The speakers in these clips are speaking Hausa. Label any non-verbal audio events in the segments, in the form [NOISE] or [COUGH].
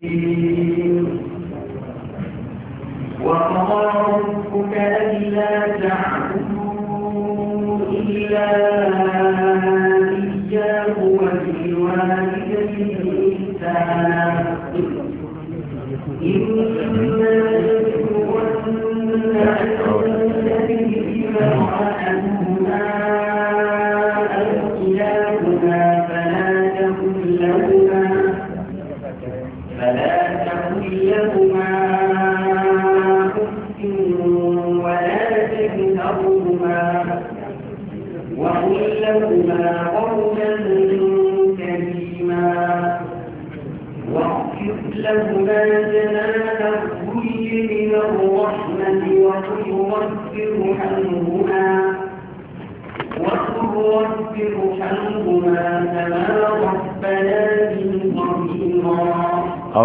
وقضى ربك ألا تعبدوا إلا إياه وبالوالدين إحسانا إما يذكرن عند ذكرهما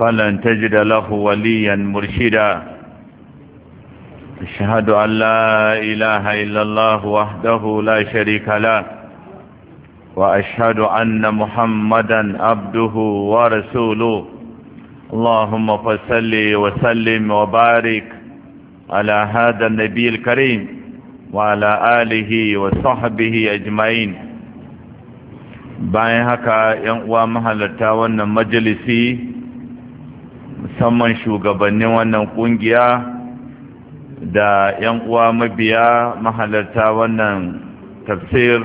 فلن تجد له وليا مرشدا أشهد أن لا إله إلا الله وحده لا شريك له وأشهد أن محمدا عبده ورسوله اللهم فصل وسلم وبارك على هذا النبي الكريم وعلى آله وصحبه أجمعين باين هكا ينقوى مهلتا ون مجلسي musamman shugabannin wannan kungiya da 'yan uwa mabiya mahalarta wannan tafsir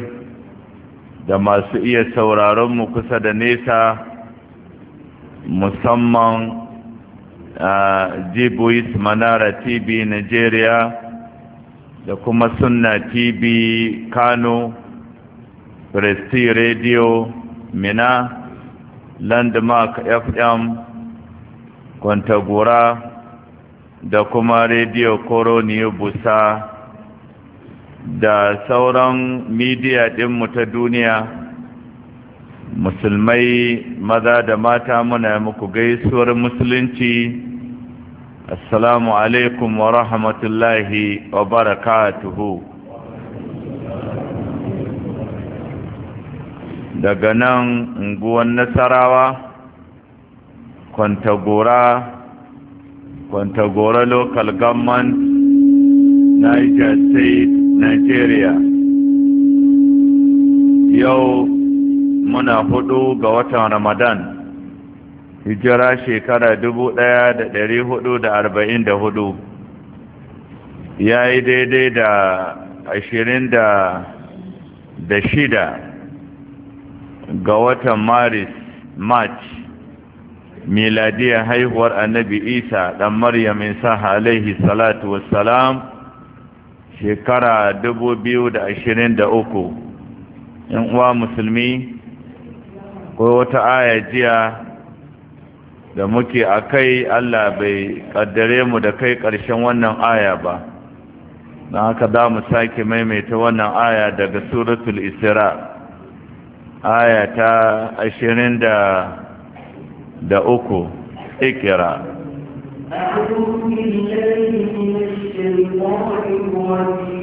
da masu iya sauraron mu kusa da nesa musamman a jibuis manara tv nigeria da kuma sunna tv kano presti radio mina landmark fm kwantagora da kuma rediyo koroniyo busa da sauran midiya ɗinmu ta duniya musulmai maza da mata muna muku gaisuwar musulunci assalamu alaikum wa rahmatullahi wa barakatuhu daga nan unguwan nasarawa kwantagora kwantagora local government niger state nigeria yau muna hudu ga watan ramadan hijira shekara dubu ɗaya da hudu ya yi daidai da ashirin da shida ga watan maris march miladiyar haihuwar annabi isa ɗan maryam isa alaihi salatu wassalam shekara 2023 in uwa musulmi ko wata aya jiya da muke a kai allah bai ƙaddare mu da kai ƙarshen wannan aya ba na haka za mu sake maimaita wannan aya daga suratul isra aya ta ashirin da da uku ikira أعوذ بالله من الشيطان الرجيم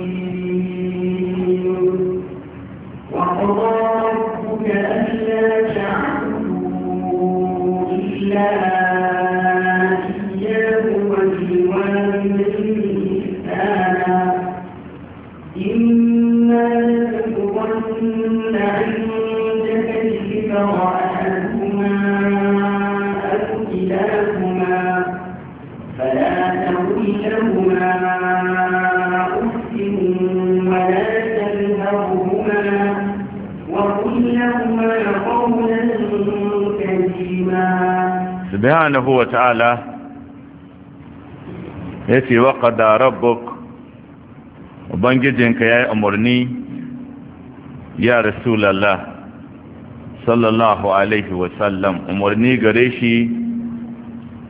subhanahu wa ta'ala ya ce wa ƙada rabbuk ubangijinka ya yi umarni ya rasulallah sallallahu alaihi wasallam umarni gare shi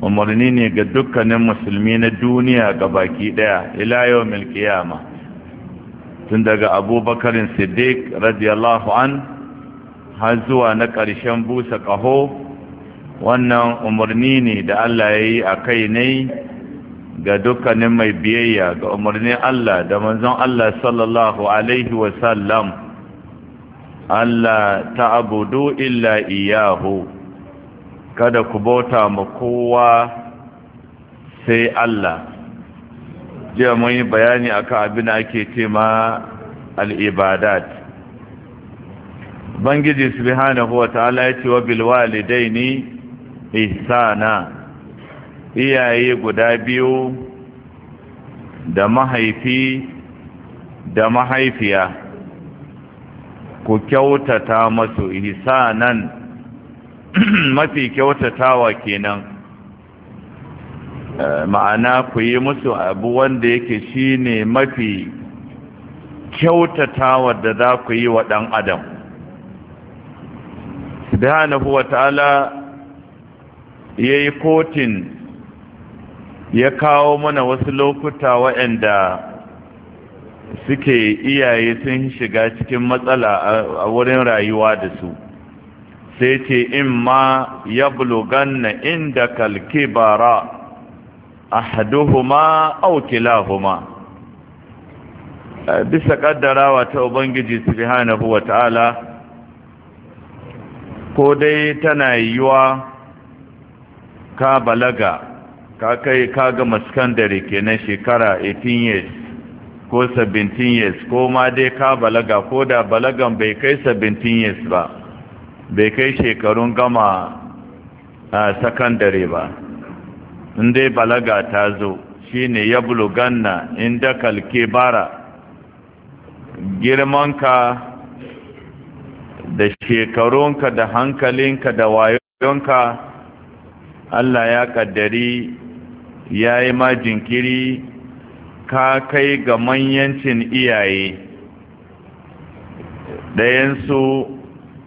umarni ne ga dukkanin musulmi na duniya ga baki daya ila yau milkiyama tun daga abubakarin siddiq radiyallahu an har zuwa na ƙarshen busa ƙaho wannan umarni ne da Allah ya yi a kai ne ga dukkanin mai biyayya ga umarnin Allah da manzon Allah sallallahu alaihi wasallam Allah ta abudu illa iyahu kada ku bauta ma kowa sai Allah jiya mun yi bayani akan abin da ake ce ma al-ibadat Bangiji subhanahu wa ta'ala ya ce wa bil walidaini ihsana iyaye guda biyu da mahaifi da mahaifiya ku kyautata masu ihsanan [CLEARS THROAT] mafi kyautatawa kenan eh, ma'ana ku yi musu abu wanda yake shine mafi kyautatawa da za ku yi wa ɗan adam subhanahu wa ta'ala ya yi kotin ya kawo mana wasu lokuta waɗanda suke iyaye sun shiga cikin matsala a wurin rayuwa da su sai ce in ma ya kalke na inda kalkibara ahaduhuma aukilahuma eh, bisa kaddarawa ta ubangiji subhanahu wa ta'ala ko dai tana yiwa ka balaga ka kai ka gama sakandare kenan shekara 18 years ko 17 years ko ma dai ka balaga ko da balagan bai kai 17 years ba bai kai shekarun gama a sakandare ba in dai balaga ta zo shi shine ya buluganna inda kalke bara girmanka da shekarunka da hankalinka da wayonka Allah ya kaddari ya yi ma jinkiri ka kai ga manyancin iyaye ɗayansu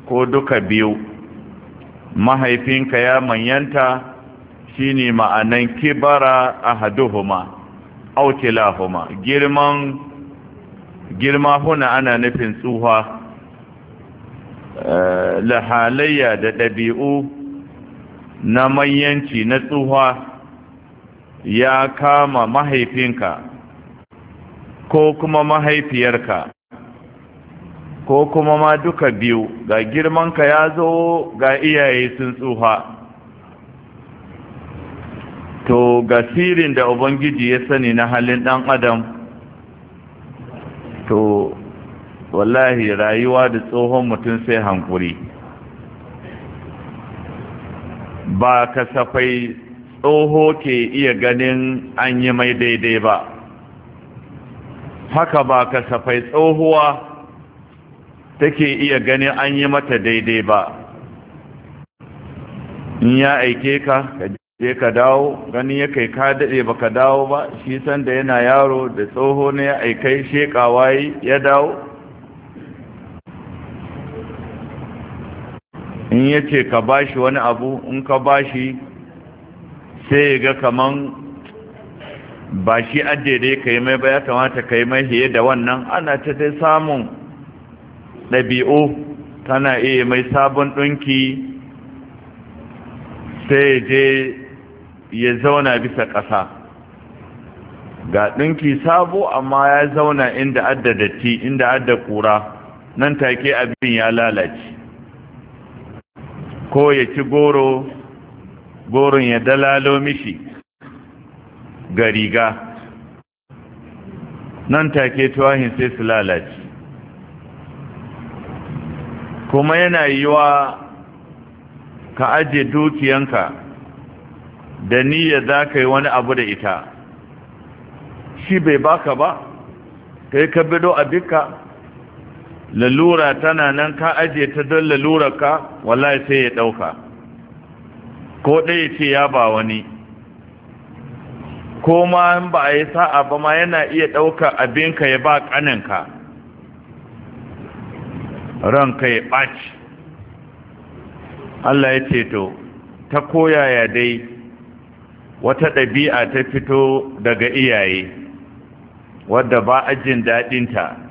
ko duka biyu mahaifinka ya manyanta shi ne ma'anan kibara ahaduhuma haduhuma, kilahuma girman girma huna ana nufin tsuha eh, lahalayya da ɗabi'u na mayanci na tsuwa ya kama mahaifinka ko kuma mahaifiyarka ko kuma ma duka biyu ga girmanka ya zo ga iyaye sun tsuha to ga sirin da ubangiji ya sani na halin dan adam to wallahi rayuwa da tsohon mutum sai hankuri ba kasafai tsoho ke iya ganin an yi mai daidai ba haka ba kasafai tsohuwa take iya ganin an yi mata daidai ba in ya aike ka je ka dawo gani ya kai ka daɗe ba ka dawo ba shi sanda yana yaro da tsoho ne ya aikai shekawa ya dawo in ya ce ka bashi wani abu in ka bashi sai ya ga kaman ba shi adere ka yi mai ba ya kamata ka yi mai hiye da wannan ana ta dai samun ɗabi'u tana iya mai sabon ɗunki sai je ya zauna bisa ƙasa ga ɗinki sabo amma ya zauna inda adda datti inda adda ƙura nan take abin ya lalace ko ya ci goro goron ya dalalo mishi ga riga nan take tuwahin sai su lalace kuma yana yiwa ka aje dukiyanka da niyya za ka yi wani abu da ita shi bai baka ba kai ka a abinka lalura tana nan ka aje ta don lalurarka wallahi sai ya ɗauka ko ɗaya ce ya ba wani ko ma ba a yi sa'a ba ma yana iya ɗauka abinka ya ba ƙaninka ranka ya ɓaci Allah ya ce to ta koyaya dai wata ɗabi'a ta fito daga iyaye wadda ba ajin jin daɗinta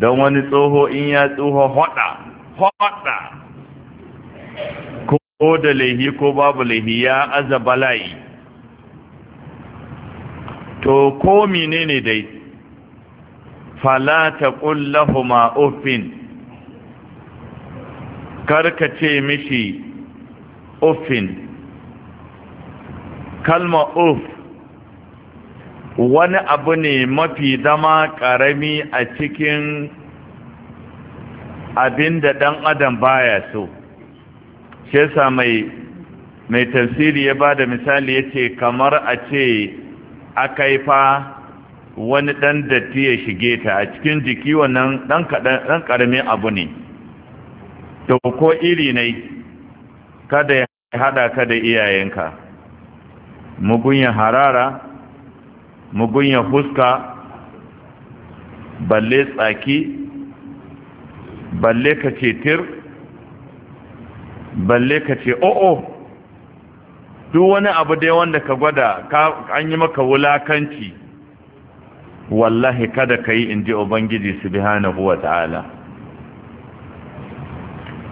don wani tsoho in ya tsoho hoda hoda ko da laihi ko babu laihi ya aza bala'i to ko menene dai falata kullahu lahumu uffin karka ce mishi ufin kalma uff wani abu ne mafi zama ƙarami a cikin abin da ɗan adam baya so shi sa mai mai tafsiri ya ba da misali ya ce kamar a ce aka fa wani ɗan datti ya shige ta a cikin jiki wannan ɗan ƙaramin abu ne to ko iri ne kada ya haɗa ka da iyayenka mugun harara mugunya fuska balle tsaki balle ka ce tir balle ka ce o'o duk wani abu dai wanda ka gwada an yi maka wulakanci wallahi kada ka yi in ji ubangiji su wa ta'ala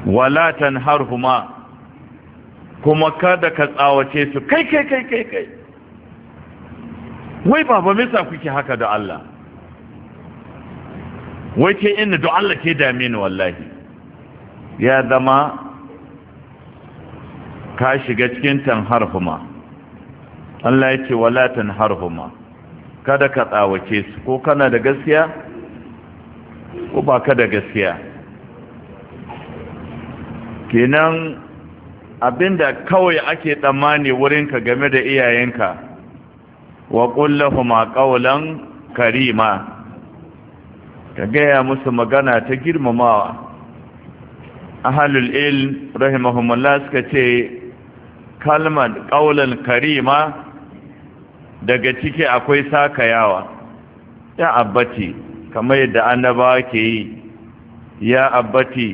walatan harhuma kuma kada ka tsawace su kai kai kai kai kai wai ba me sa kuke haka da Allah wai ke inna da Allah ke dame ni wallahi ya zama ka shiga cikin harhuma. Allah ya ce wala harhuma. kada ka tsawace su ko kana da gaskiya ko ba ka da gaskiya kenan abinda kawai ake tsammani wurinka game da iyayenka wa kullahuma qawlan karima ka gaya musu magana ta girmamawa ahalul ilm rahimahumullah suka ce kalmar qawlan karima daga ciki akwai sakayawa ya abbati kamar yadda annaba ke yi ya abbati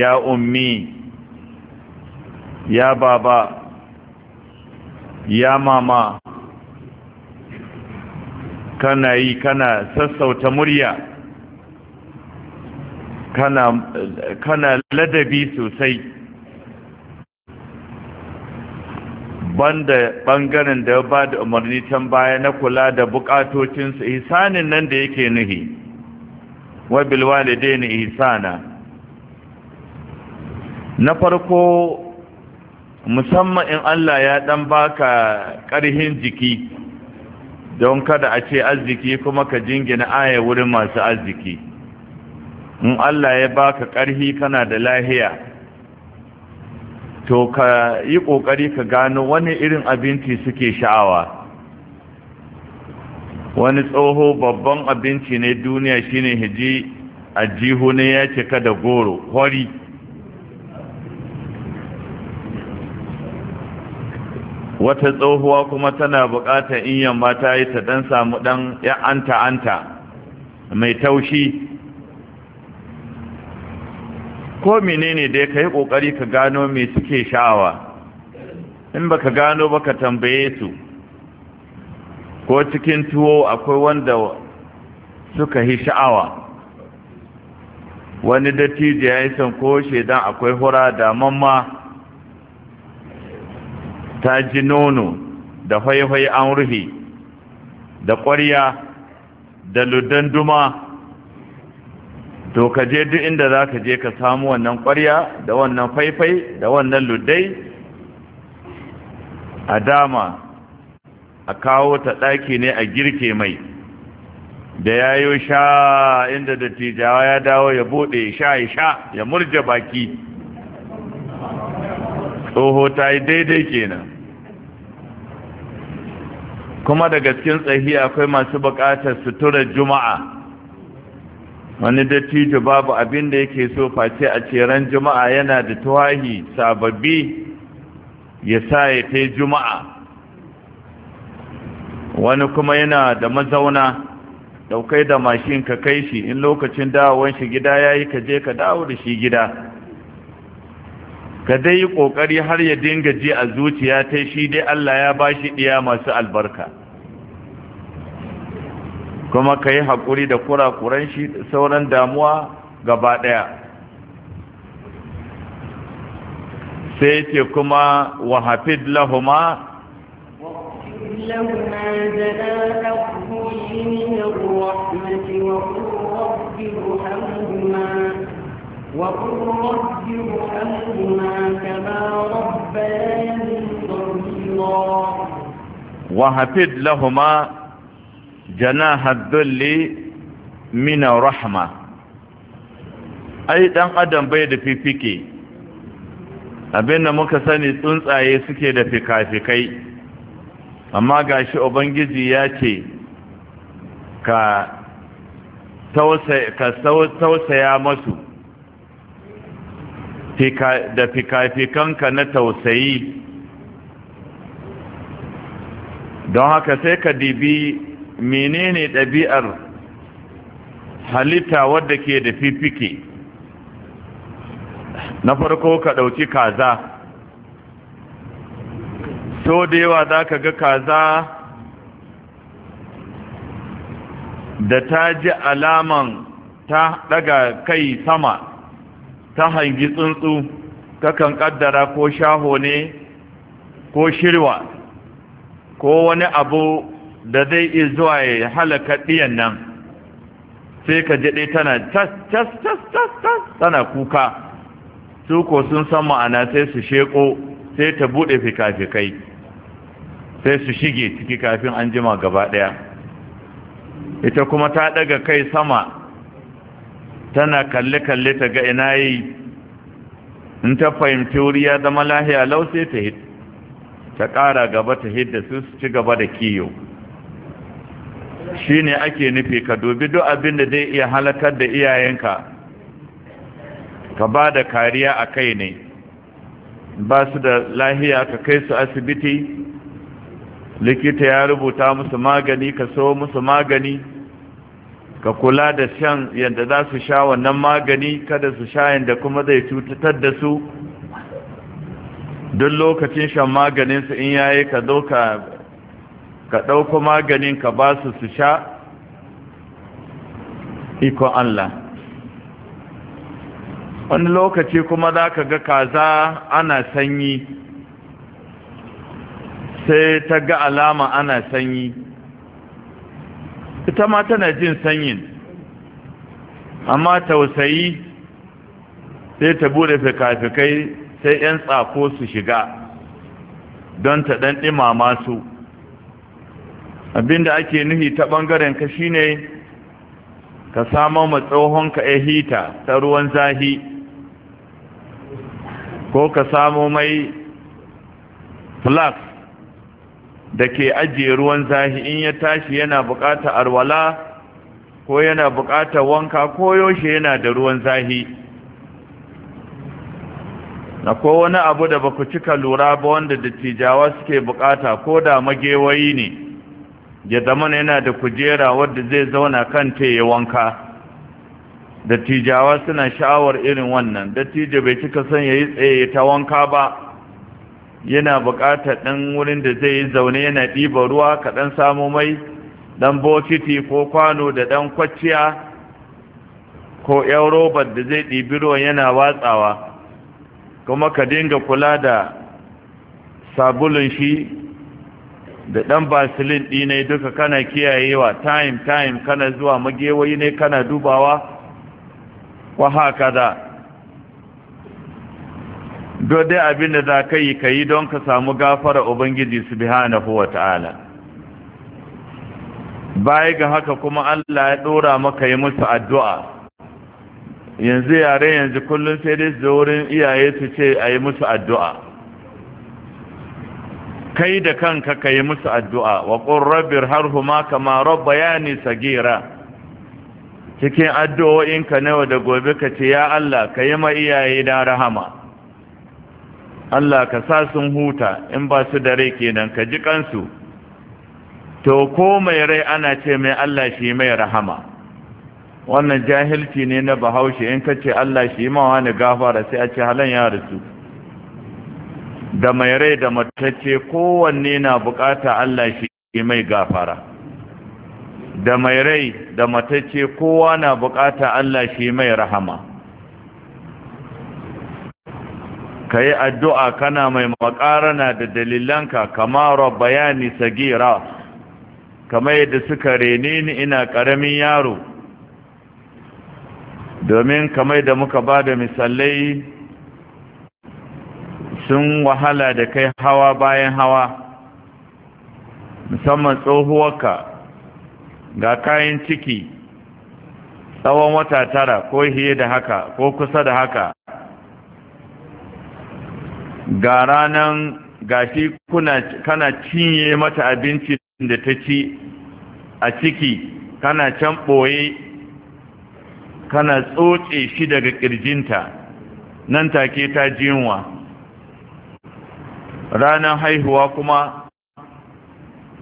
ya ummi ya baba ya mama kana yi kana sassauta murya kana, kana ladabi sosai banda bangaren da ya ba da umarni can baya na kula da bukatocinsu ihsanin nan da yake nuhi wabil walidaini ihsana na farko musamman in Allah ya ɗan baka ƙarhin jiki don kada a ce arziki kuma ka jingina aya wurin masu arziki in Allah ya baka ƙarfi kana da lahiya to ka yi ƙoƙari ka gano wani irin abinci suke sha'awa wani tsoho babban abinci ne duniya shine hiji a jihu ne ya cika da goro hori wata tsohuwa kuma tana buƙatar in yamma ta yi ta dan samu dan ya anta anta mai taushi ko menene da ka yi ƙoƙari ka gano me suke sha'awa in baka gano baka tambaye su ko cikin tuwo akwai wanda suka yi sha'awa wani dattijo ya yi son ko shedan akwai hura da mamma ta ji nono da haihai an rufe da ƙwarya da ludan duma to ka je duk inda za ka je ka samu wannan ƙwarya da wannan faifai da wannan ludai a dama a kawo ta ɗaki ne a girke mai da ya yi sha inda da tijawa ya dawo ya buɗe sha ya sha ya murje baki tsoho ta yi daidai kenan kuma daga cikin tsahiya akwai masu buƙatar suturar juma'a wani dattijo babu abin da yake so face a ceren juma'a yana da tuwahi sababi ya sa ya ta juma'a wani kuma yana da mazauna daukai da mashin ka kai shi in lokacin dawowar shi gida ya yi ka je ka dawo da shi gida ka dai yi ƙoƙari har ya dinga ji a zuciya ta shi dai Allah ya ba shi ɗiya masu albarka kuma ka yi haƙuri da kurakuran shi sauran damuwa gaba ɗaya sai ce kuma wa hafid lahuma لما وقل رب ارحمهما كما ربياني صغيرا وهفد لهما جناح الذل من الرحمه ai dan adam bai da fifike abinda muka sani tsuntsaye suke da fikafikai amma gashi ubangiji ya ce ka tausaya masu da fikafikanka na tausayi don haka sai ka dibi menene ɗabi'ar halitta wadda ke da fifike na farko ka ɗauki kaza so da yawa za ka ga kaza da ta ji alaman ta ɗaga kai sama ta hangi tsuntsu kakan kaddara ko shaho ne ko shirwa ko wani abu da zai iya zuwa ya halaka ɗiyan nan sai ka ji tana tas tas tas tas tana kuka su ko sun san ma'ana sai su sheko sai ta buɗe fika-fikai sai su shige ciki kafin an jima gaba ɗaya ita kuma ta ɗaga kai sama tana kalle-kalle ta ga ina yi in ta fahimci wuri ya zama lahiya lau sai ta hid ta ƙara gaba ta hid da su ci gaba da kiyo shi ne ake nufi ka dubi duk abin da zai iya halakar da iyayenka ka ba da kariya a kai ne ba su da lahiya ka kai su asibiti likita ya rubuta musu magani ka so musu magani ka kula da shan yadda za su sha wannan magani kada su sha yadda kuma zai cutar da su duk lokacin shan maganin su in yayi ka zo ka ka ɗauko maganin ka ba su su sha ikon Allah wani lokaci kuma za ka ga kaza ana sanyi sai ta ga alama ana sanyi ita ma tana jin sanyin amma tausayi sai ta bude fikafikai sai 'yan tsako su shiga don ta ɗan ɗimama su abinda ake nuhi ta ɓangaren ka shine ka samo ka ya hita ta ruwan zahi ko ka samo mai flaks da ke ajiye ruwan zahi in ya tashi yana bukata arwala ko yana bukata wanka ko yaushe yana da ruwan zahi na ko wani abu da baku cika lura ba wanda dattijawa suke bukata ko da magewayi ne ya zama yana da kujera wadda zai zauna kan ta ya wanka dattijawa suna sha'awar irin wannan dattijo bai cika son ya yi tsaye ta wanka ba yana buƙatar ɗan wurin da zai yi zaune yana ɗiba ruwa ka ɗan samu mai ɗan bokiti ko kwano da ɗan kwaciya ko yan robar da zai ɗibi ruwan yana watsawa kuma ka dinga kula da sabulun shi da ɗan basilin ɗinai duka kana kiyayewa time time kana zuwa magewayi ne kana dubawa wa haka da dai abin da za ka yi ka yi don ka samu gafara ubangiji su na wa ta'ala baya ga haka kuma Allah ya ɗora maka yi musu addu'a yanzu yare yanzu kullum sai dai da wurin iyaye su ce a yi musu addu'a kai da kanka ka yi musu addu'a wa ƙorrabir har huma kama rabba ya nisa cikin addu'o'inka nawa da gobe ka ce ya Allah ka yi ma iyaye na rahama Allah ka sa sun huta in ba su da rai kenan ka ji kansu to ko mai rai ana ce mai Allah shi mai rahama wannan jahilci ne na bahaushe in ka ce Allah shi ma wani gafara sai a ce halan ya rasu da mai rai da matacce kowanne na bukata Allah shi mai gafara da mai rai da matacce kowa na bukata Allah shi mai rahama ka yi addu'a kana mai makarana da dalilanka kama bayani sagira kamar yadda suka reni ni ina ƙaramin yaro domin kamar da muka ba da misalai sun wahala da kai hawa bayan hawa musamman tsohuwarka ga kayan ciki tsawon wata tara ko hiye da haka ko kusa da haka ga ranan gashi kuna kana cinye mata abinci da ta ci a ciki kana can ɓoye kana tsotse shi daga ƙirjinta nan take ta jinwa ranar haihuwa kuma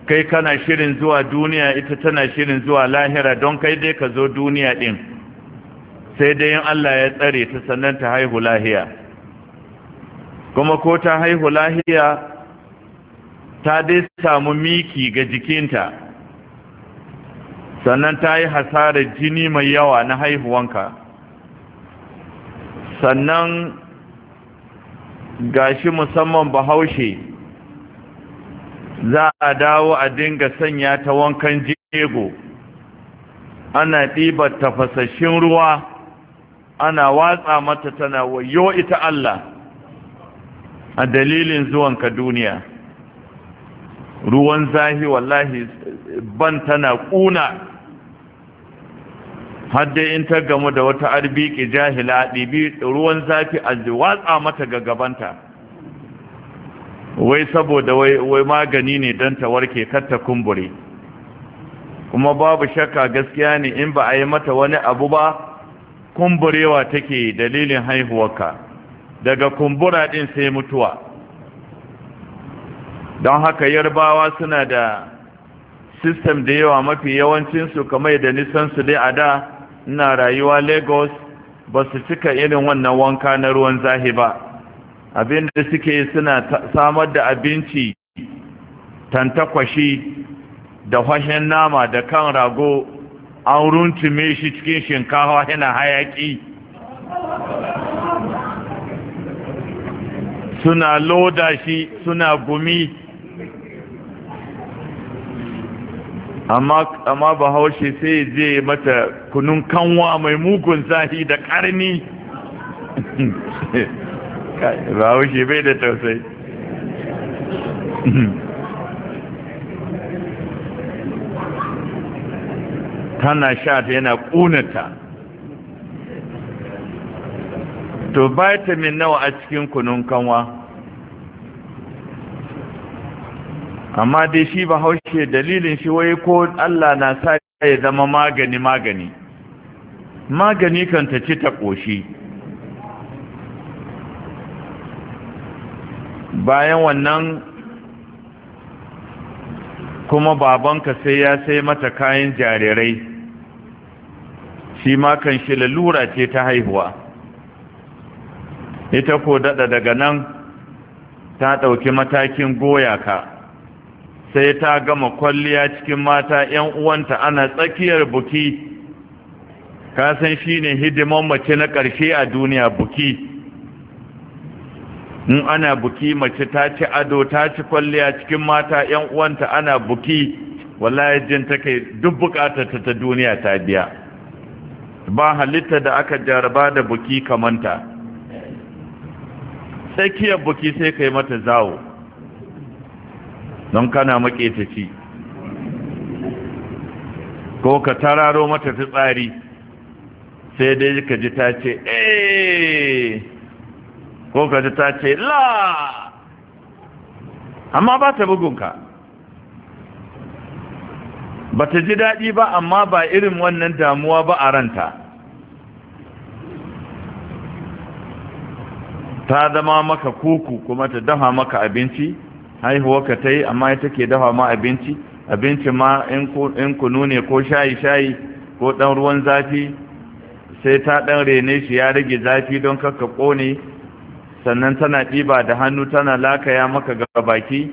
kai kana shirin zuwa duniya ita tana shirin zuwa lahira don kai dai ka zo duniya ɗin sai dai in Allah ya tsare ta sannan ta haihu lahiya kuma ko ta haihu lahiya ta dai samu miki ga jikinta sannan ta yi hasarar jini mai yawa na haihuwanka sannan gashi musamman bahaushe za a dawo a dinga sanya ta wankan jego ana ɗibar tafasashin ruwa ana watsa mata tana wayo ita Allah a dalilin zuwanka duniya ruwan zahi wallahi ban tana ƙuna dai in ta gamu da wata arbiki jahila ɗibi ruwan zafi a watsa mata ga gabanta wai saboda wai magani ne don ta warke katta kumbure kuma babu shakka gaskiya ne in ba a yi mata wani abu ba kumburewa take dalilin haihuwarka daga kumbura din sai mutuwa don haka yarbawa suna da sistem da yawa mafi yawancinsu kamar da nisan su dai a da ina rayuwa lagos ba su cika irin wannan wanka na ruwan zahi ba abin da suke suna samar da abinci tantakwashi da hashen nama da kan rago an runtume shi cikin shinkawa yana hayaki suna loda shi suna gumi amma bahaushe sai zai mata kunun kanwa mai mugun zafi da karni bahaushe bai da tausayi tana sha yana kunata. to vitamin nawa a cikin kunun kanwa amma dai shi ba haushe dalilin shi wai ko Allah na sa ya zama magani magani magani kan ta ci ta ƙoshi bayan wannan kuma babanka sai ya sai mata kayan jarirai shi ma kan shi lalura ce ta haihuwa ita ko daɗa daga nan ta ɗauki matakin goya ka sai ta gama kwalliya cikin mata 'yan uwanta ana tsakiyar buki ka san shi ne mace na ƙarshe a duniya buki in ana buki mace ta ci ado ta ci kwalliya cikin mata 'yan uwanta ana buki wallahi jin take duk bukatar ta ta duniya ta biya ba halitta da aka jaraba da buki kamanta kiyar buki sai kai mata zawo don kana maƙetaci ko ka tararo mata fitsari sai dai ka ji ta ce eh! ko ka ji ta ce la amma ba ta bugunka ba ta ji daɗi ba amma ba irin wannan damuwa ba a ranta ta zama maka kuku kuma ta dafa maka abinci haihuwa ka ta yi amma ya take dafa ma abinci abinci ma in kunu ne ko shayi-shayi ko ɗan ruwan zafi sai ta ɗan rene shi ya rage zafi don kakka ƙone sannan tana ɗiba da hannu tana lakaya maka ga baki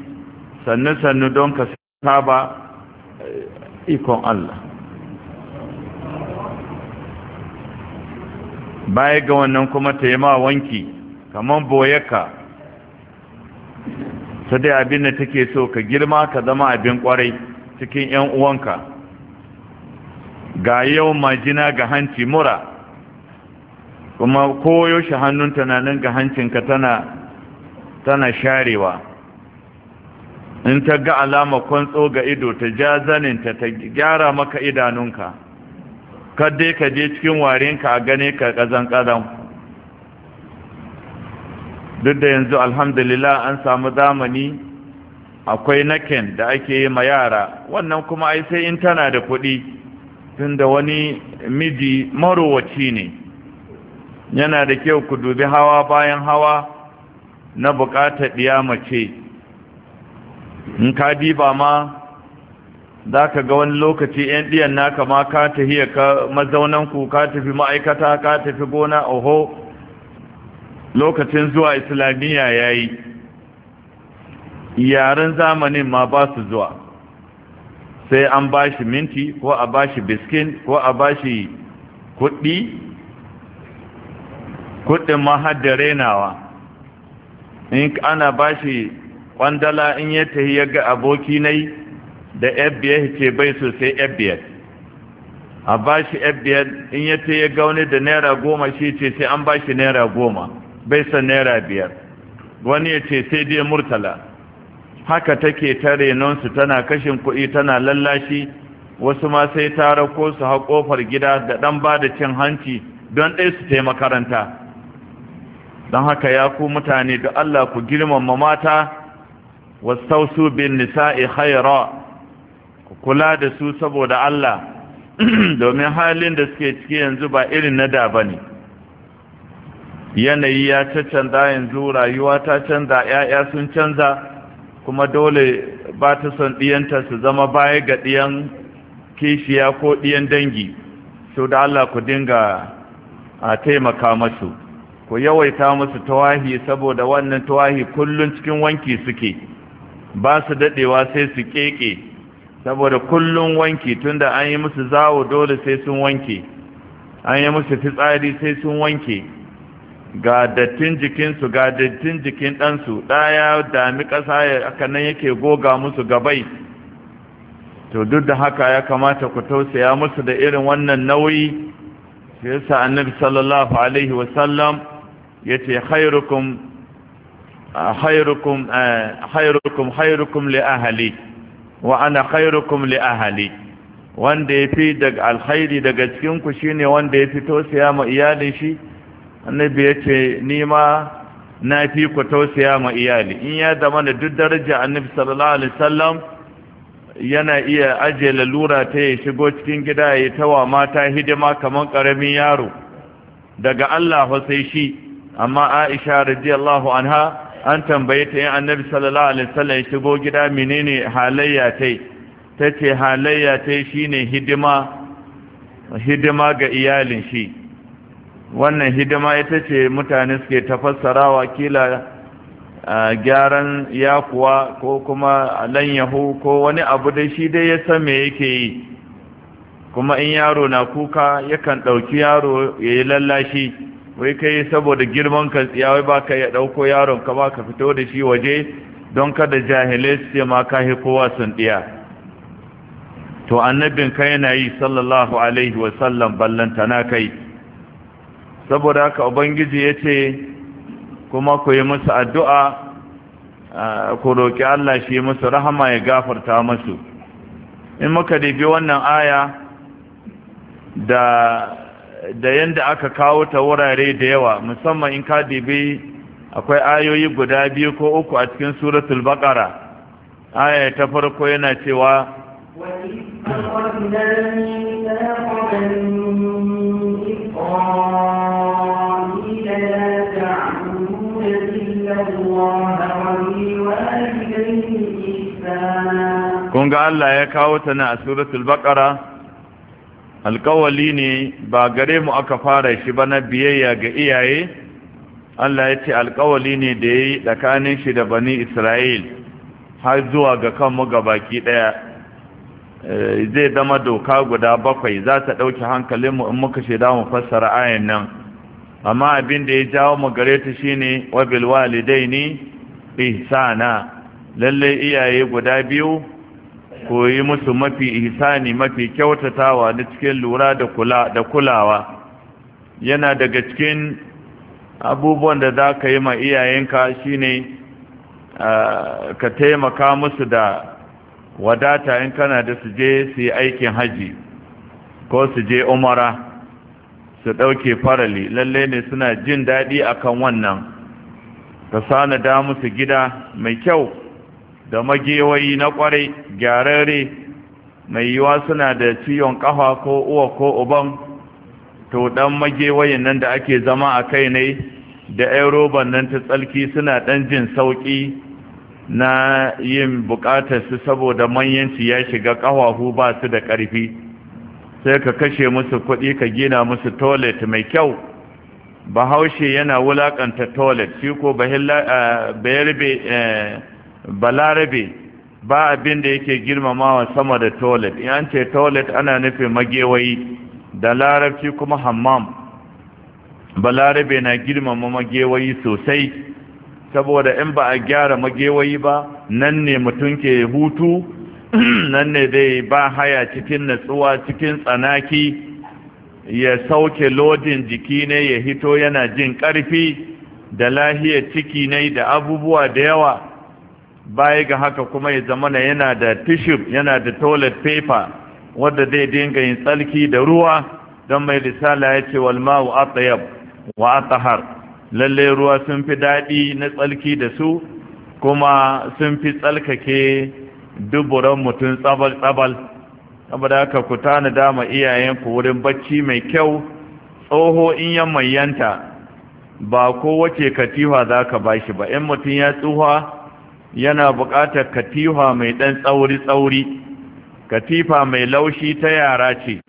sannu-sannu don ka saba eh, ikon Allah baya ga wannan kuma ta yi ma wanki kamar boyaka ta dai abin da take so ka girma ka zama abin kwarai cikin 'yan uwanka ga yau majina ga hanci mura kuma koyo shi hannun tunanin ga hancinka tana tana sharewa in ta ga alama kwantso ga ido ta ja zaninta ta gyara maka idanunka kadai ka je cikin warinka a gane ka kazan kazan duk da yanzu alhamdulillah an samu zamani akwai naken da ake yi ma yara wannan kuma ai sai in tana da kuɗi tunda wani miji marowaci ne yana da kyau ku dubi hawa bayan hawa na buƙata ɗiya mace in ka diba ma za ka ga wani lokaci 'yan ɗiyan naka ma ka tafiya ka mazaunanku ka tafi ma'aikata ka tafi gona oho lokacin zuwa islamiyya ya yi yaren zamanin ma ba su zuwa sai an ba shi minti ko a ba shi biskin ko a ba shi kuɗi kuɗin ma nawa. renawa in ana ba shi ƙwandala in ya tahi ya ga aboki na yi da fbf ce bai sosai fbf a ba shi fbf in ya tahi ya ga da naira goma shi ce sai an ba shi naira goma bai san naira biyar wani ya ce sai dai murtala haka take ta renonsu tana kashin kuɗi tana lallashi wasu ma sai ta rako su ha kofar gida da ɗan ba da cin hanci don ɗaya su tai makaranta don haka ya ku mutane da Allah ku girmama mata wasausu bin nisa'i khaira ku kula da su saboda Allah [CLEARS THROAT] domin halin da suke ciki yanzu ba irin na da bane yanayi ya canza yanzu rayuwa ta canza ‘ya'ya sun canza kuma dole ba ta son ɗiyanta su zama baya ga ɗiyan kishiya ko ɗiyan dangi so da Allah ku dinga a taimaka masu ku yawaita musu tawahi saboda wannan tawahi kullum cikin wanki suke ba su daɗewa sai su keke saboda kullum wanki tunda an yi musu zawo dole sai sun wanke an yi musu fitsari sai sun wanke ga dattin jikinsu ga dattin jikin ɗansu ɗaya dami ƙasa ya aka yake goga musu gabai to duk da haka ya kamata ku tausaya musu da irin wannan nauyi sai yasa annabi sallallahu alaihi wasallam ya ce khairukum khairukum khairukum khairukum li ahli wa ana khairukum li ahli wanda yafi daga alkhairi daga cikin ku shine wanda ya fito siya ma iyalin shi annabi ya ce ni ma na fi ku tausaya ma iyali in ya zama da duk daraja annabi sallallahu alaihi wasallam yana iya ajiye lalura ta ya shigo cikin gida ya yi tawa mata hidima kamar karamin yaro daga Allah fa sai shi amma Aisha radiyallahu anha an tambaye ta yin annabi sallallahu alaihi wasallam ya shigo gida menene halayya ta ta ce halayya ta shine hidima hidima ga iyalin shi wannan hidima ita ce mutane suke tafassarawa kila gyaran yakuwa ko kuma lanyahu ko wani abu da shi dai ya san me yake yi kuma in yaro na kuka yakan ɗauki yaro ya yi lallashi wai kai saboda girman ka tsiyawai ba ka ya ɗauko yaron ka ba ka fito da shi waje don kada jahilai su ce ma ka kowa sun ɗiya to annabin ka yana yi sallallahu alaihi wasallam ballantana kai saboda haka ubangiji ya ce kuma ku yi musu addu'a ku roƙi Allah shi musu rahama ya gafarta musu in muka dibi wannan aya da da yanda aka kawo ta wurare da yawa musamman in ka dibi akwai ayoyi guda biyu ko uku a cikin suratul baqara aya ta farko yana cewa Kunga Allah ya kawo ta na a suratul bakara alkawali ne ba gare mu aka fara shi ba na biyayya ga iyaye Allah ya ce alkawali ne da ya yi tsakanin shi da bani Isra'il har zuwa ga kanmu ga baki ɗaya eh, zai zama doka guda bakwai za ta ɗauki hankalinmu in muka shaida mu fassara ayin nan amma abin da ya jawo mu gare ta shine wa bil walidaini ihsana lalle iyaye guda biyu koyi musu mafi ihsani mafi kyautatawa na cikin lura da kula da kulawa yana daga cikin abubuwan da za ka yi ma iyayenka shine ka taimaka musu da wadata in kana da su je su yi aikin haji ko su je umara su ɗauke farali lalle ne suna jin daɗi akan wannan ka da musu gida mai kyau da magewayi na ƙwarai gyarare, mai yiwa suna da ciwon ƙafa ko uwa ko uban to ɗan magewayin nan da ake zama a kai ne da ‘yan roban nan ta tsalki suna ɗan jin sauƙi na yin buƙatar su saboda manyanci ya shiga ƙafafu ba su da ƙarfi sai ka kashe musu kuɗi ka gina musu toilet mai kyau bahaushe yana wulaƙanta toilet shi ko eh, eh, balarabe ba abin da yake girmamawa sama da toilet in an ce toilet ana nufin magewayi da larabci kuma hammam balarabe na girmama magewayi sosai saboda in ba a gyara magewayi ba nan ne mutum ke hutu [CLEARS THROAT] nan ne dai ba haya cikin natsuwa cikin tsanaki ya sauke lodin jiki ne ya hito yana jin ƙarfi da lahiyar ciki ne da abubuwa da yawa baya ga haka kuma ya zamana yana da tishif yana da toilet paper wadda zai dinga yin tsalki da ruwa don mai risala ya ce walma'u atayab wa atahar lalle ruwa sun fi daɗi na tsalki da su kuma sun fi tsalkake duburan mutum tsabal-tsabal saboda haka ku tana dama iyayenku wurin bacci mai kyau tsoho in yan mayanta ba kowace katifa za ka ba shi ba in mutum ya tsuha yana buƙatar katifa mai ɗan tsauri-tsauri katifa mai laushi ta yara ce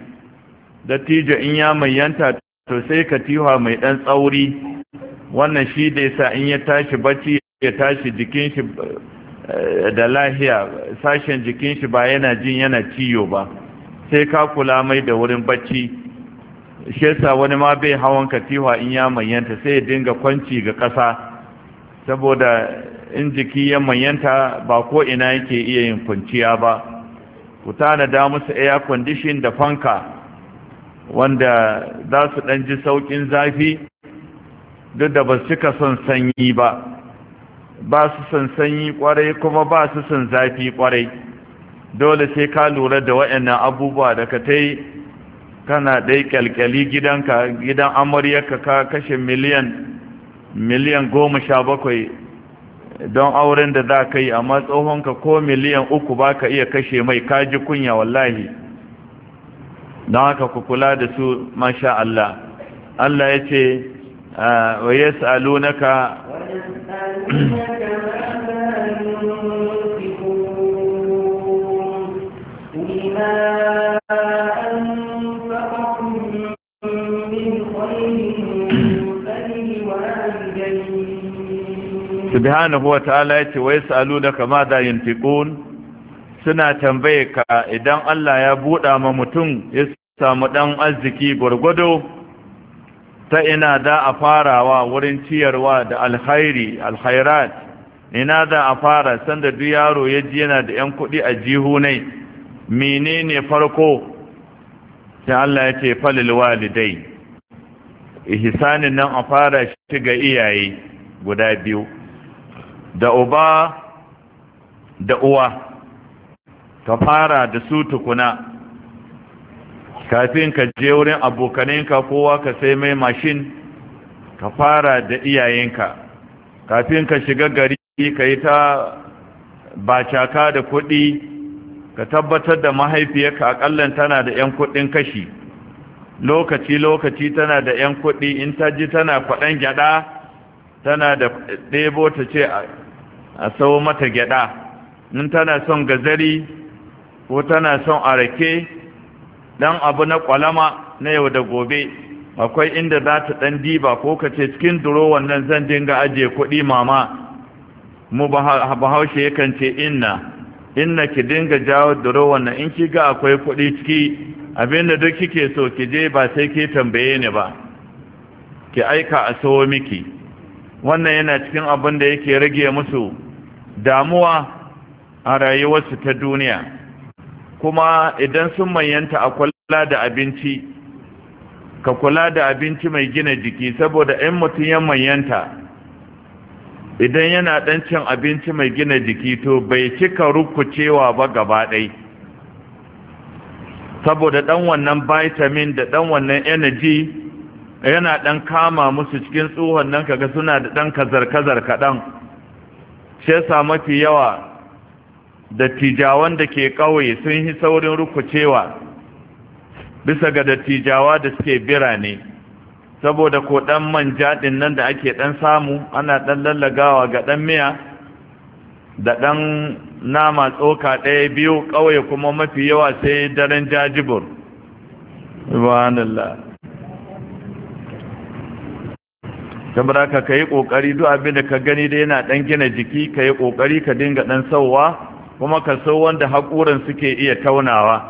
dattijo in ya mayanta to sai katifa mai ɗan tsauri wannan shi da yasa in ya tashi bacci ya tashi jikin shi da lahiya sashen jikin shi ba yana jin yana ciyo ba sai ka kula mai da wurin bacci shi wani ma bai hawan katiwa in ya manyanta sai ya dinga kwanci ga ƙasa saboda in jiki ya manyanta ba ko ina yake iya yin kwanciya ba ku tanada musu air condition da fanka wanda za su ɗan ji sauƙin zafi duk da ba su cika son sanyi ba ba su son sanyi kwarai kuma ba su son zafi kwarai dole sai ka lura da waɗannan abubuwa da ka tai kana dai kyalkyali gidanka gidan amaryarka ka kashe miliyan miliyan goma sha bakwai don auren da za ka yi amma tsohonka ko miliyan uku ba ka iya kashe mai kaji kunya wallahi don haka ku kula da su masha Allah Allah ya ce ويسألونك yas'alunaka huwa ta'ala ya ce, Wai salu da yunfiqun suna tambaye ka idan Allah ya buɗa ma mutum ya samu ɗan arziki gwargwado ta ina da a farawa wurin ciyarwa da alkhairi alkhairat ina da a fara sanda duk yaro ya ji yana da yan kuɗi a jihu ne menene farko sai Allah ya ce falil walidai ihsanin nan a fara shi ga iyaye guda biyu da uba da uwa ka fara da su tukuna kafin ka je wurin abokaninka kowa ka sai mai mashin ka fara da iyayenka kafin ka shiga gari ka yi ta bacaka da kuɗi ka tabbatar da mahaifiyarka akallan tana da 'yan kuɗin kashi lokaci-lokaci tana da 'yan kuɗi in ta ji tana kwaɗan gyaɗa tana da ɗebo ta ce a sau mata gyaɗa in tana son gazari ko tana son arake dan abu na kwalama na yau da gobe akwai inda za ta dan diba ko ka ce cikin duro nan zan dinga ajiye kuɗi mama mu bahaushe yakan ce inna inna ki dinga jawo duro nan in ki ga akwai kuɗi ciki abinda duk kike so ki je ba sai ki tambaye ni ba ki aika a sawo miki wannan yana cikin abin da yake rage musu damuwa a rayuwarsu ta duniya kuma idan sun manyanta a kula da abinci ka kula da abinci mai gina jiki saboda in mutum ya manyanta idan yana dan cin abinci mai gina jiki to bai cika rukucewa ba gaba ɗai saboda dan wannan vitamin da dan wannan energy yana dan kama musu cikin tsohon nan kaga suna da dan kazar-kazar kaɗan shi yasa mafi yawa dattijawan da ke kawai sun yi saurin rukucewa bisa ga dattijawa da suke birane saboda ko dan manja ɗin nan da ake dan samu ana dan lallagawa ga dan miya da dan nama tsoka ɗaya biyu kawai kuma mafi yawa sai daren jajibur subhanallah saboda ka yi ƙoƙari duk abin da ka gani da yana dan gina jiki ka yi ƙoƙari ka dinga dan sauwa kuma ka wanda haƙuran suke iya taunawa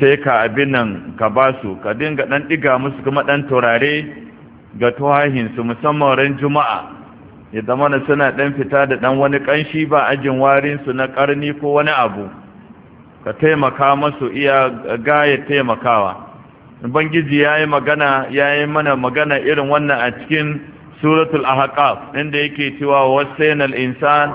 sai ka abin nan ka ba su ka dinga ɗan ɗiga musu kuma ɗan turare ga tuhahinsu musamman ran juma'a ya zama na suna ɗan fita da ɗan wani ƙanshi ba ajin warinsu na ƙarni ko wani abu ka taimaka masu iya gaya taimakawa ubangiji ya yi magana ya yi mana magana irin wannan a cikin suratul ahqaf inda yake cewa wasainal insan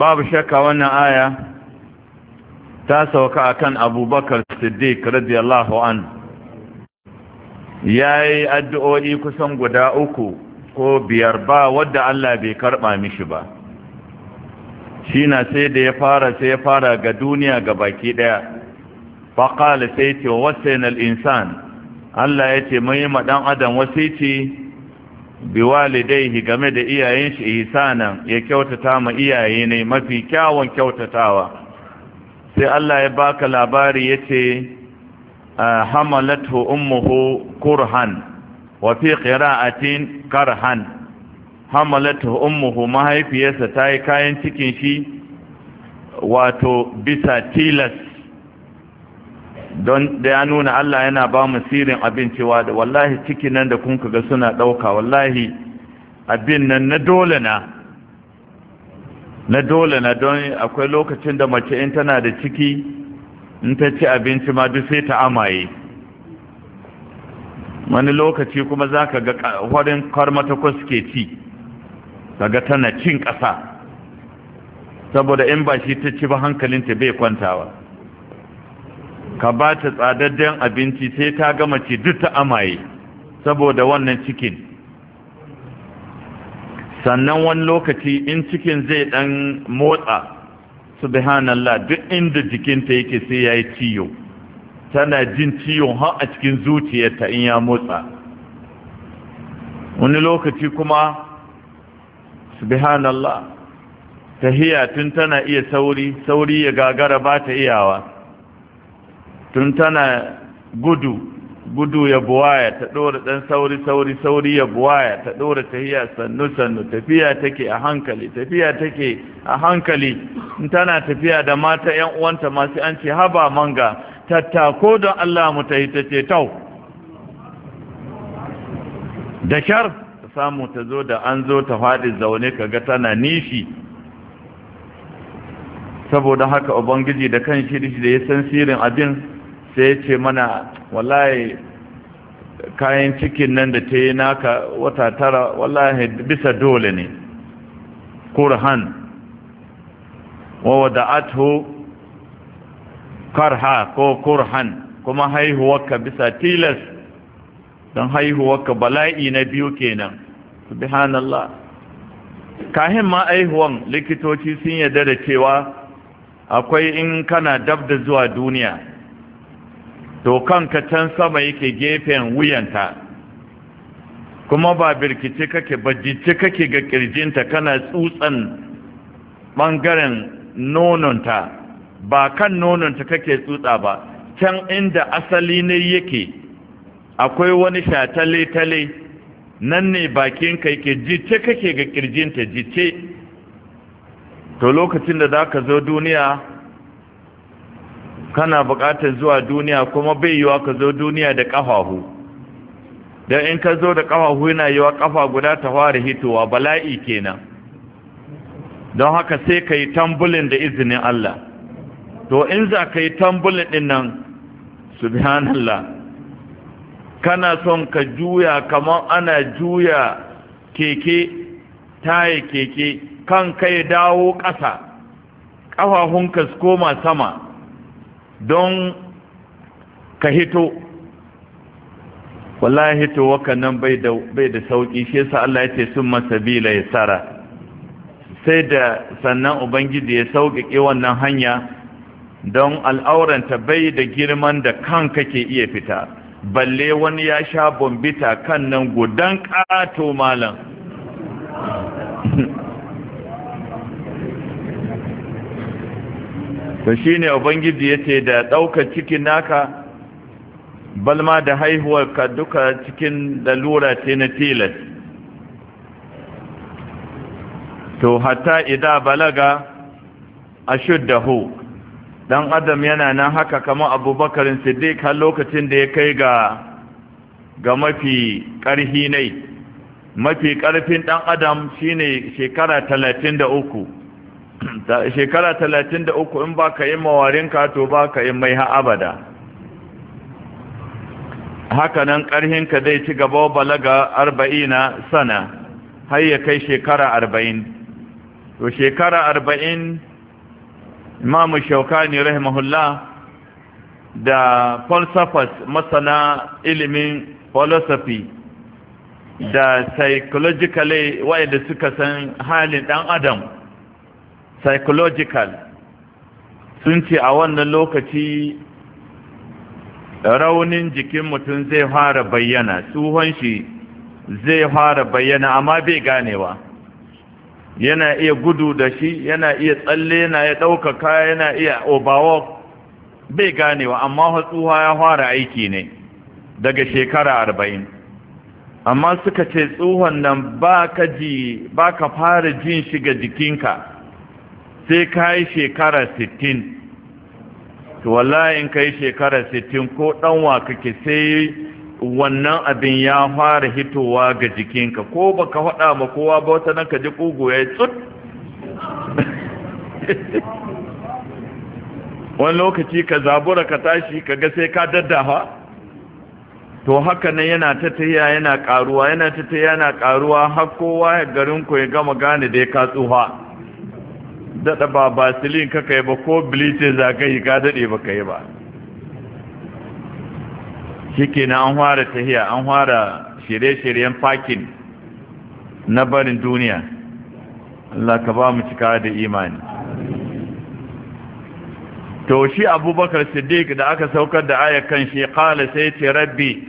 babu shakka wannan aya ta sauka a kan abubakar siddiq radiyallahu an ya yi addu'o'i kusan guda uku ko biyar ba wadda Allah bai karɓa mishi ba shi na sai da ya fara sai ya fara ga duniya ga baki ɗaya faƙali sai ce wasu insan Allah ya ce mai maɗan adam wasu ce walidaihi game da iyayen shi ihsanan ya kyautata ma iyaye ne mafi kyawun kyautatawa sai Allah ya baka labari yace hamalathu ummuhu kurhan wa fi qira'atin karhan hamalathu ummuhu mahaifiyarsa tayi kayan cikin shi wato bisa tilas don da ya nuna Allah yana ba mu sirin abin cewa da wallahi ciki nan da kun ga suna ɗauka wallahi abin nan na dole na na dole na don akwai lokacin da mace in tana da ciki in ta ci abinci ma duk sai ta amaye wani lokaci kuma za ka ga kwarin karmata suke ci daga tana cin ƙasa saboda in ba shi ta ci ba hankalinta bai kwantawa ka ba ta tsadadden abinci sai ta gama ce duk ta amaye saboda wannan cikin sannan wani lokaci in cikin zai dan motsa subhanallah duk inda jikinta yake sai ya yi ciyo tana jin ciyon har a cikin zuciyarta in ya motsa wani lokaci kuma subhanallah tahiya tun tana iya sauri sauri ya gagara ba ta iyawa tun tana gudu gudu ya buwaya ta ɗora ɗan sauri sauri sauri ya buwaya ta ɗora tahiya sannu sannu tafiya take a hankali tafiya take a hankali in tana tafiya da mata yan uwanta masu an ce haba manga tattako don Allah mu ta ta ce tau da shar ta samu ta zo da an zo ta faɗi zaune kaga tana nishi saboda haka ubangiji da kan shi da ya san sirin abin sai ya ce mana wallahi kayan cikin nan da ta yi naka wata tara wallahi bisa dole ne kurhan wa wada'athu karha ko kurhan kuma haihuwarka bisa tilas don haihuwarka bala'i na biyu kenan subhanallah kahin ma aihuwan likitoci sun yarda da cewa akwai in kana dab da zuwa duniya to kanka can sama yake gefen wuyanta kuma ba birkice kake jice kake ga kirjinta kana tsutsan ɓangaren nononta ba kan nononta kake tsutsa ba can inda asali ne yake akwai wani shatale-tale nan ne bakinka yake jice kake ga kirjinta jice to lokacin da za ka zo duniya kana buƙatar zuwa duniya kuma bai yiwa ka zo duniya da ƙafahu don in ka zo da ƙafahu yana yiwa ƙafa guda ta fara hitowa bala'i kenan don haka sai ka yi tambulin da izinin Allah to in za ka yi tambulin ɗin nan subhanallah kana son ka juya kamar ana juya keke taye keke kan kai dawo ƙasa ƙafafun ka koma sama don ka hito wallahi ya nan bai da bai da sauƙi, shi yasa Allah ya ce sun bila ya tsara sai da sannan ubangiji ya sauƙaƙe wannan hanya don al'auranta bai da girman da kan kake iya fita balle wani ya sha bombita kan nan gudan ƙato malam [LAUGHS] to shine ubangiji ce da ɗaukar cikin naka balma da haihuwar ka duka cikin lura ce na tilas to hatta ida balaga a shudda hu ɗan adam yana nan haka kamar abubakarin siddiq har lokacin da ya kai ga ga mafi ƙarhi nai mafi ƙarfin ɗan adam shine shekara talatin da uku shekara talatin da uku in ba ka yi mawarinka to ba ka yi mai abada hakanan ka zai ci gaba balaga arba'ina sana har ya kai shekara arba'in to shekara arba'in imamu shaukani rahimahullah da falsafas masana ilimin philosophy da psychologically waɗanda suka san halin ɗan adam psychological sun ce a wannan lokaci raunin jikin mutum zai fara bayyana tsohon shi zai fara bayyana amma bai ganewa yana iya gudu da shi yana iya tsalle yana ya ɗaukaka yana iya obawa bai ganewa amma hatsuwa ya fara aiki ne daga shekara arba'in amma suka ce tsohon nan ba ka fara jin shiga jikinka sai ka yi shekara 60 to wallahi in ka yi shekara 60 ko danwa kake sai wannan abin ya fara hitowa ga jikinka ko ba ka faɗa ma kowa ba wata nan ka ji ƙugu ya yi tsut [LAUGHS] wani lokaci ka zabura ka tashi ka ga sai ka daddawa? to haka nan yana ta yana ƙaruwa yana ta yana ƙaruwa har kowa garin ku ya gama gane da ya ka tsuha daɗa ba basilin ka kai ba ko bilice za ka yi ka dade ba ka yi ba shi an fara tahiya an fara shirye-shiryen fakin na barin duniya Allah ka ba mu cika da imani to shi abubakar siddiq da aka saukar da ayakan shi kala sai ce rabbi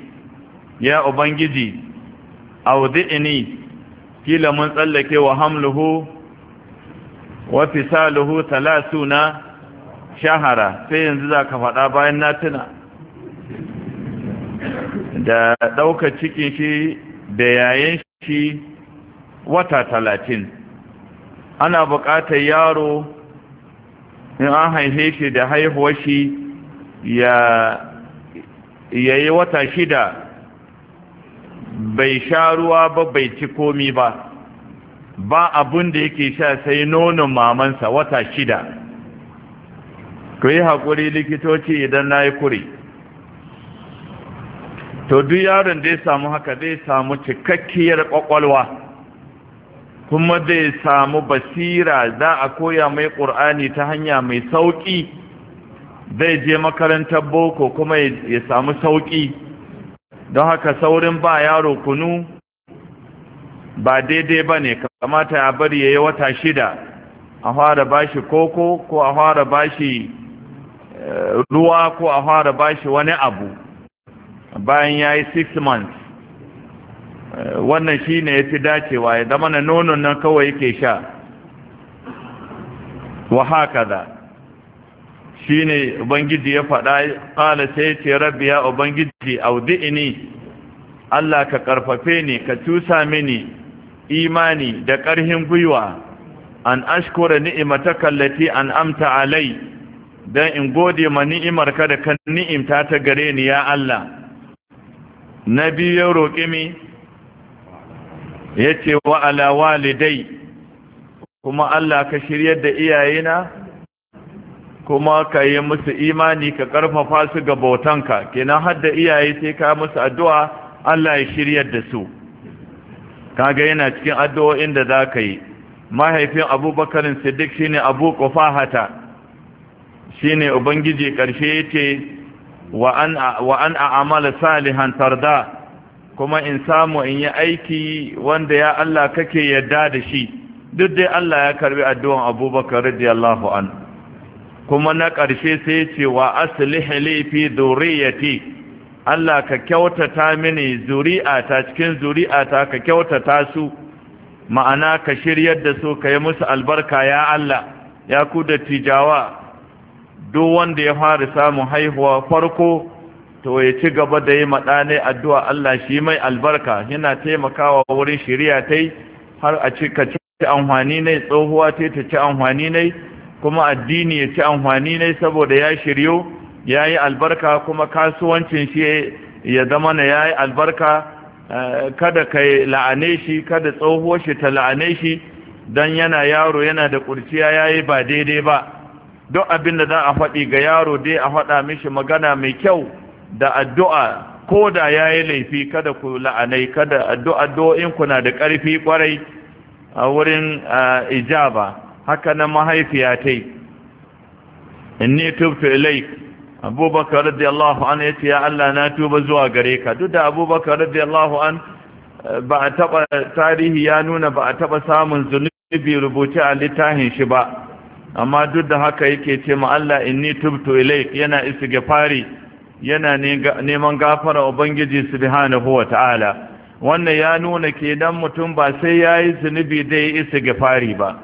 ya ubangiji audhi'ni kila mun tsallake wa hamluhu wa fisaluhu talatuna shahara sai yanzu za ka faɗa bayan na tuna da ɗaukar cikin shi da yayin shi wata talatin ana buƙatar yaro in an haife shi da haihuwar shi ya yi wata shida bai sha ruwa ba bai ci komi ba ba abun da yake sha sai nonon mamansa wata shida ku yi haƙuri likitoci idan na yi kuri. to duk yaron da ya samu haka zai samu cikakkiyar ƙwaƙwalwa kuma zai samu basira za a koya mai ƙur'ani ta hanya mai sauƙi zai je makarantar boko kuma ya samu sauƙi don haka saurin ba yaro kunu ba daidai ba ne kamata ya bari ya yi wata shida a fara bashi koko ko a fara bashi eh, ruwa ko a fara bashi wani abu bayan ya yi six months eh, wannan shi ne ya fi dacewa ya zama na nonon nan kawai yake sha wa haka da shi ne ubangiji ya faɗa ƙala sai ce rabbi ya ubangiji audi'ini Allah ka ƙarfafe ni ka cusa mini imani da ƙarhin gwiwa an ashkura ni'imataka allati an'amta alai dan in gode ma ni'imarka da kan ni'imta ta gare ni ya Allah nabi ya roƙi mi yace wa ala walidai kuma Allah ka shiryar da iyayena kuma ka yi musu imani ka ƙarfafa su ga bautanka kenan hadda iyaye sai ka musu addu'a Allah ya shiryar da su kaga yana cikin addu'o'in da za ka yi mahaifin abubakarin siddiq shine abu kufahata shine ubangiji karshe yace wa wa an a'mala salihan tarda kuma in samu in yi aiki wanda ya Allah kake yarda da shi duk dai Allah ya karbi addu'an abubakar radiyallahu an kuma na karshe sai yace wa aslih li fi dhurriyyati Allah ka kyautata mini zuri'ata cikin zuri'ata ka kyautata su ma'ana ka shiryar da su ka yi musu albarka ya Allah ya ku da tijawa duk wanda ya fara samun haihuwa farko to ya ci gaba da yi maɗane addu'a Allah shi mai albarka yana taimakawa wurin shirya ta yi har a ci ka ci amfani ne tsohuwa ta ta ci amfani ne kuma addini ya ci amfani ne saboda ya shiryo ya yi albarka kuma kasuwancin shi ya zama na ya yi albarka eh, kada ka la'ane shi kada tsohuwar shi ta la'ane shi don yana yaro yana da kurciya ya yi ba daidai ba duk abin da za a faɗi ga yaro dai a faɗa mishi magana mai kyau da addu'a ko da ya yi laifi kada ku la'anai kada addu'a do'in kuna da ƙarfi ƙwarai a wurin eh, ijaba haka na mahaifiya ta yi in ni ilaik abubakar radiyallahu an ya ce ya Allah na tuba zuwa gare ka duk da abubakar radiyallahu an eh, ba a taba tarihi ya nuna ba a taba samun zunubi rubuce a littafin shi ba amma duk da haka yake ce ma Allah inni tubtu ilayk yana istighfari yana neman gafara ubangiji subhanahu ta'ala wannan ya nuna kenan mutum ba sai yayi zunubi dai istighfari ba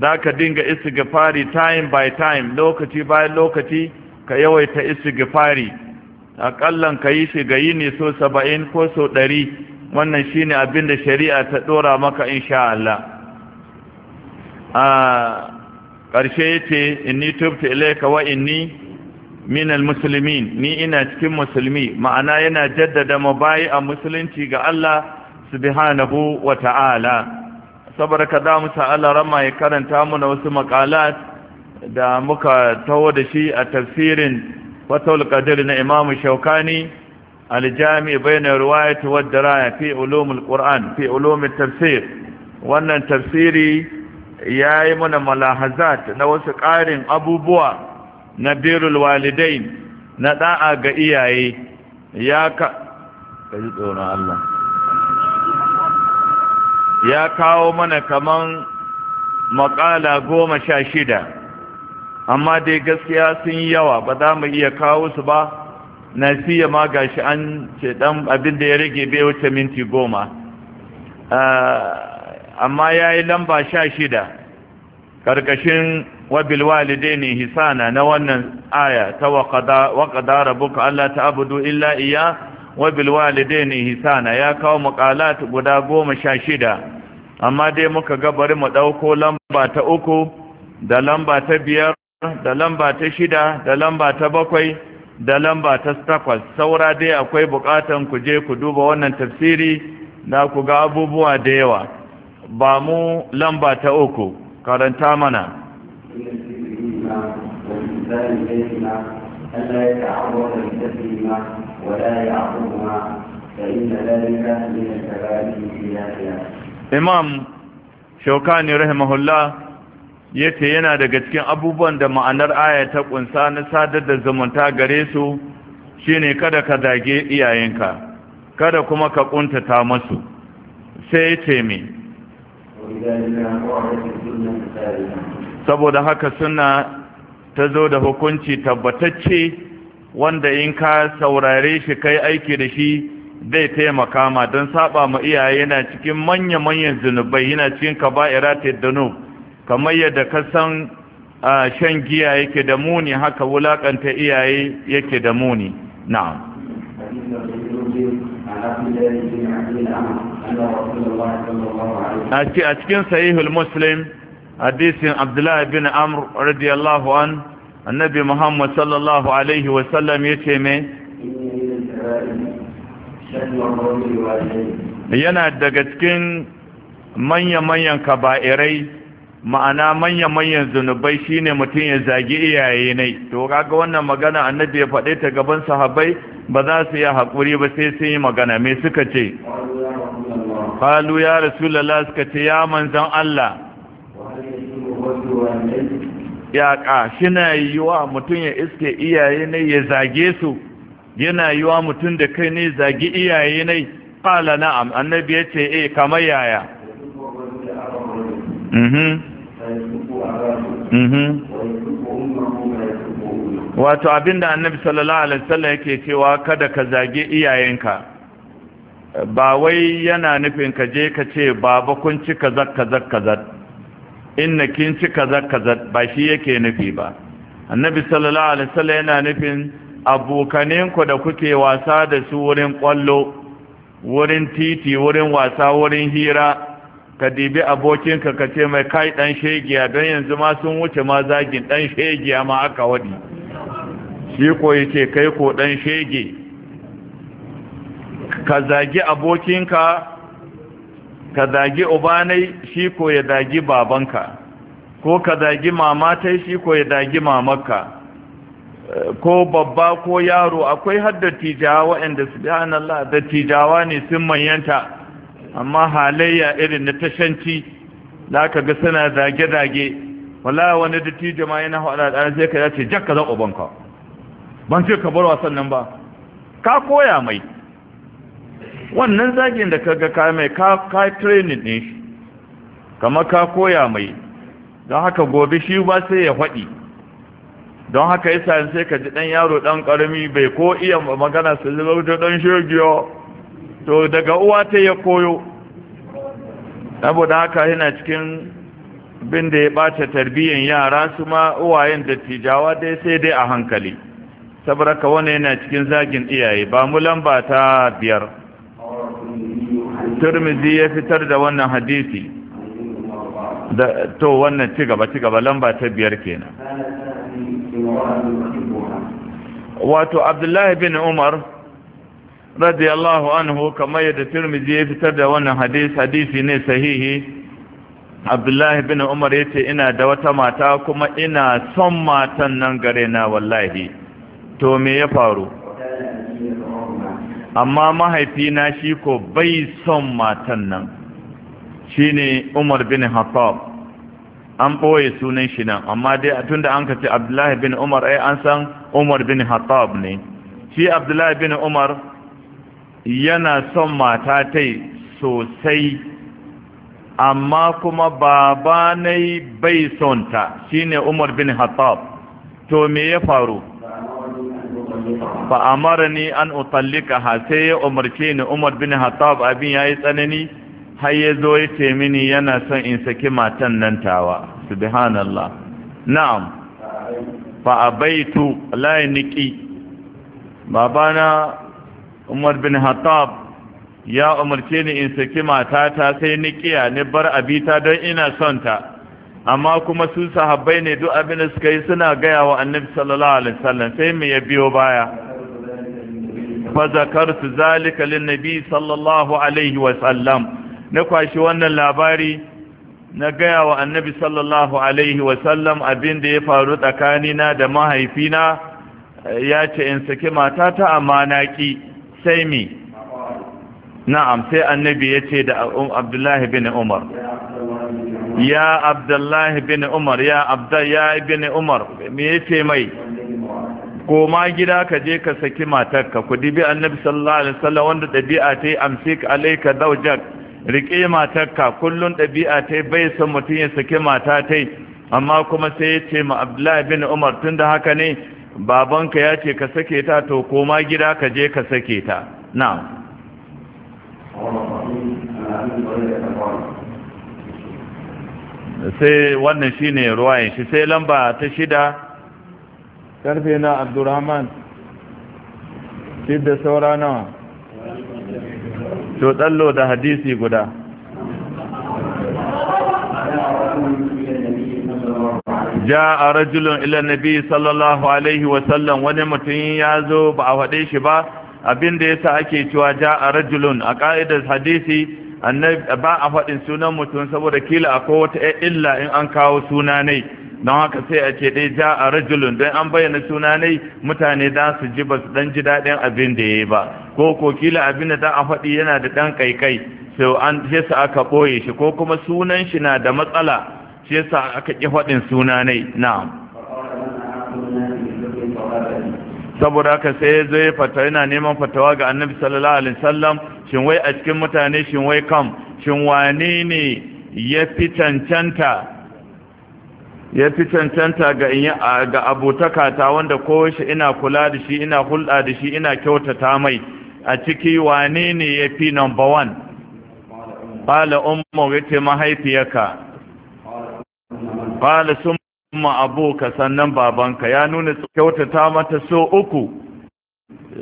zaka dinga istighfari time by time lokaci bayan lokaci ka yawaita istighfari aƙallan ka yi shi ga ne so saba'in ko so ɗari wannan shi ne abin da shari'a ta ɗora maka insha Allah a ƙarshe yace inni tubtu ka wa inni minal muslimin ni ina cikin musulmi ma'ana yana jaddada mabayi a musulunci ga Allah subhanahu wa ta'ala saboda ka da musa Allah rama ya karanta na wasu maqalat da muka taho da shi a tafsirin fatul qadir na imamu shaukani aljami bayna riwayat wa daraya fi ulumul qur'an fi ulumul tafsir wannan tafsiri yayi mana malahazat na wasu ƙarin abubuwa na birul walidain na da'a ga iyaye ya ka kaji tsoron Allah ya kawo mana kaman maƙala goma sha shida amma dai gaskiya sun yawa ba za mu iya kawo su ba na siya ma gashi an ce dan abin da ya rage bai wuce minti goma ah, amma ya yi lamba sha shida ƙarƙashin wabil walidaini hisana na wannan aya ta waƙada rabuka Allah ta abudu illa iya wabil walidaini hisana ya kawo muƙalat guda goma sha shida amma dai muka ga bari mu ɗauko lamba ta uku da lamba ta biyar da lamba ta shida da lamba ta bakwai da lamba ta takwas saura dai akwai bukatan ku je ku duba wannan tafsiri na ku ga abubuwa da yawa ba mu lamba ta uku karanta mana imam shaukani rahimahullah yace yana daga cikin abubuwan da ma'anar aya ta kunsa na sadar da zumunta gare su shine kada ka dage iyayenka kada kuma ka kuntata musu sai yace me saboda haka suna ta zo da hukunci tabbatacce wanda in ka saurare shi kai aiki da shi zai taimaka ma don saba ma iyaye yana cikin manya-manyan zunubai yana cikin kaba'ira ta danub kamar yadda ka san shan giya yake da muni haka wulakanta iyaye yake da muni na'am a cikin sahihul muslim hadisin abdullahi bin amr radiyallahu an annabi muhammad sallallahu alaihi wasallam ya ce mai yana daga cikin manya-manyan kaba'irai ma'ana manya-manyan zunubai shine mutum ya zagi iyaye ne to kaga wannan magana annabi ya faɗe ta gaban sahabbai ba za su yi haƙuri ba sai sun yi magana me suka ce qalu ya rasulullah suka ce ya manzon Allah ya ka shina yiwa mutum ya iske iyaye ne ya zage su yana yiwa mutum da kai ne zagi iyaye ne qala na'am annabi ya ce eh kamar yaya Mm-hmm. Mhm. wato abinda annabi sallallahu alaihi wasallam yake cewa kada ka zage iyayenka ba wai yana nufin ka je ka ce baba kun ci kaza kaza kaza inna kin ci kaza kaza ba shi yake nufi ba annabi sallallahu alaihi wasallam yana nufin abokaninku da kuke wasa da su wurin kwallo wurin titi wurin wasa wurin hira ka dibi abokinka ka ce mai kai dan shegiya don yanzu ma sun wuce ma zagin dan shegiya ma aka waɗi shi ko yace kai ko dan shege ka zagi abokinka ka zagi ubanai shi ko ya zagi babanka ko ka zagi mamatai shi ko ya zagi mamarka ko babba ko yaro akwai har dattijawa waɗanda subhanallah tijawa ne sun manyanta amma halayya irin na tashanci da ka ga suna zage-zage wala wani da dattijo ma yana haɗa da sai ka ce jakka za ubanka ban ce ka bar wasan nan ba ka koya mai wannan zagin da ka ga ka mai ka ka training ne. shi kamar ka koya mai don haka gobe shi ba sai ya faɗi don haka yasa sai ka ji ɗan yaro ɗan ƙarami bai ko iya magana su zama ɗan shirgiyar to daga uwa ta ya koyo saboda haka yana cikin bin da ya ɓata tarbiyyar yara su ma uwayen dattijawa dai sai dai a hankali saboda ka wani yana cikin zagin iyaye ba mu lamba ta biyar turmizi ya fitar da wannan hadisi da to wannan ci gaba ci gaba lamba ta biyar kenan wato abdullahi bin umar radiyallahu anhu kamar yadda Tirmidhi ya fitar da wannan hadisi hadisi ne sahihi Abdullahi bin Umar yace ina da wata mata kuma ina son matan nan gare na wallahi to me ya faru amma mahaifina shi ko bai son matan nan shine Umar bin Khattab an boye sunan shi nan amma dai tunda an kace Abdullahi bin Umar ai an san Umar bin Khattab ne shi Abdullahi bin Umar yana son mata tai sosai amma kuma baba nai bai son ta shine Umar bin Khattab to me ya faru fa amarni an utallika ha sai ya umarce ni Umar bin Khattab abin yayi tsanani har ya zo ya ce mini yana son in saki matan nan tawa subhanallah na'am fa abaitu la niki babana umar bin hatab ya umarce ni in saki matata sai ni kiya ni bar abita don ina son ta amma kuma su sahabbai ne duk abin da suka yi suna gaya wa annabi sallallahu alaihi wasallam sai me ya biyo baya fa zakartu zalika lin sallallahu alaihi wasallam na kwashi wannan labari na gaya wa annabi sallallahu alaihi wasallam abin da ya faru tsakanina da mahaifina ya ce in saki matata amma na ki sai mi na'am sai annabi ya ce da um, abdullahi bin umar ya abdullahi bin umar ya abda ya bin umar me ya ce mai koma gida ka je ka saki matarka ku dibi annabi sallallahu alaihi wasallam wanda dabi'a ta yi amsik alayka zawjak rike matarka kullun dabi'a ta bai son mutum ya saki mata ta amma kuma sai ya ce ma abdullahi bin umar tunda haka ne babanka ya ce ka sake ta to koma gida ka je ka sake ta na sai wannan shi ne ruwayen shi sai lamba ta shida karfe na abdurrahman da saura nawa to tsallo da hadisi guda ja'a rajulun ila sallallahu alaihi wani mutum ya zo ba a faɗe shi ba abinda yasa ake cewa ja'a rajulun a ƙa'idar hadisi ba a faɗin sunan mutum saboda kila akwai wata illa in an kawo suna ne don haka sai a ce dai ja a rajulun don an bayyana suna ne mutane da su ji ba su ɗan ji daɗin abin da ya yi ba ko ko kila abin da za a faɗi yana da ɗan kaikai sai an sai aka ɓoye shi ko kuma sunan shi na da matsala shi yasa aka ƙi faɗin suna na. na'am saboda haka sai ya zo ya fata yana neman fatawa ga annabi sallallahu alaihi wasallam shin wai a cikin mutane shin wai kam shin wane ne ya fi cancanta ya fi cancanta ga ga abotaka ta wanda ko shi ina kula da shi ina hulɗa da shi ina kyautata mai a ciki wane ne ya fi number one Bala ummu wace mahaifiyarka qala summa abuka sannan babanka ya nuna kyautata mata so uku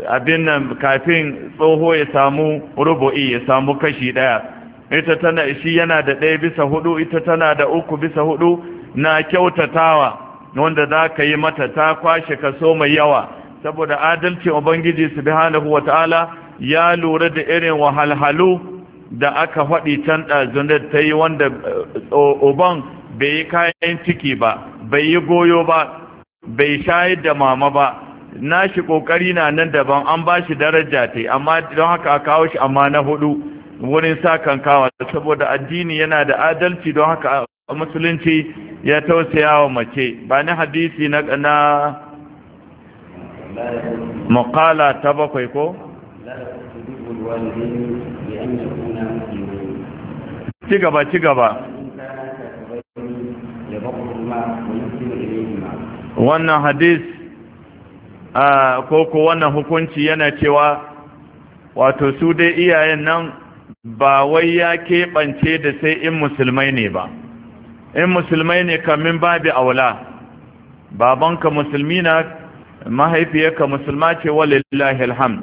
abin nan kafin tsoho ya samu rubu'i ya samu kashi daya ita tana shi yana da ɗaya bisa hudu ita tana da uku bisa hudu na kyautatawa wanda za ka yi mata ta kwashe ka so mai yawa saboda adalci ubangiji subhanahu wataala ya lura da irin wahalhalu da aka faɗi can ɗazunar ta yi wanda eh, uban bai yi kayan ciki ba bai yi goyo ba bai shayar da mama ba Na shi kokari na nan daban an ba shi daraja ta amma don haka a kawo shi amma na hudu wurin sa kan kawo. saboda addini yana da adalci don haka a musulunci ya tausaya wa mace ba ni hadisi na na makala ta bakwai ko ci gaba ci gaba wannan hadis ko koko wannan hukunci yana cewa wato su dai iyayen nan ba wai ya keɓance da sai in musulmai ne ba in musulmai ne kamin babi aula babanka musulmi na mahaifiyarka musulma ce walillahi alhamd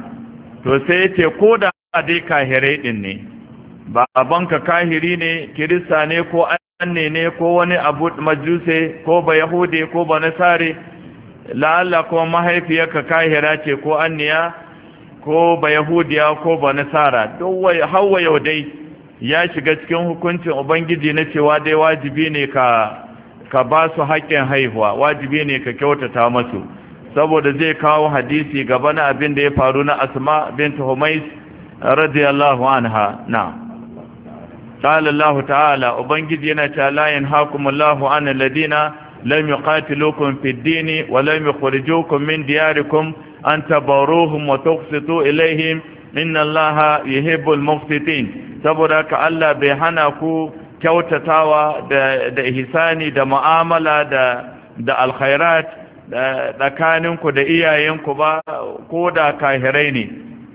to sai yace, ko da dai kahirai din ne babanka kahiri ne kirista ne ko ne ne ko wani abu majuse ko ba yahude ko ba nasare la'alla ko mahaifiyarka kahira ce ko anniya ko ba yahudiya ko ba nasara duk hawa yau dai ya shiga cikin hukuncin ubangiji na cewa dai wajibi ne ka ka ba su haƙƙin haihuwa wajibi ne ka kyautata masu saboda zai kawo hadisi gaba na abin da ya faru na asma bin humais radiyallahu anha na'am قال الله تعالى وبنجدنا تعالى ينهاكم الله عن الذين لم يقاتلوكم في الدين ولم يخرجوكم من دياركم أن تبروهم وتقسطوا إليهم إن الله يحب المقسطين تبارك الله بهناكو kyautatawa da da ihsani da mu'amala da da alkhairat tsakaninku da iyayenku ba ko da kahirai ne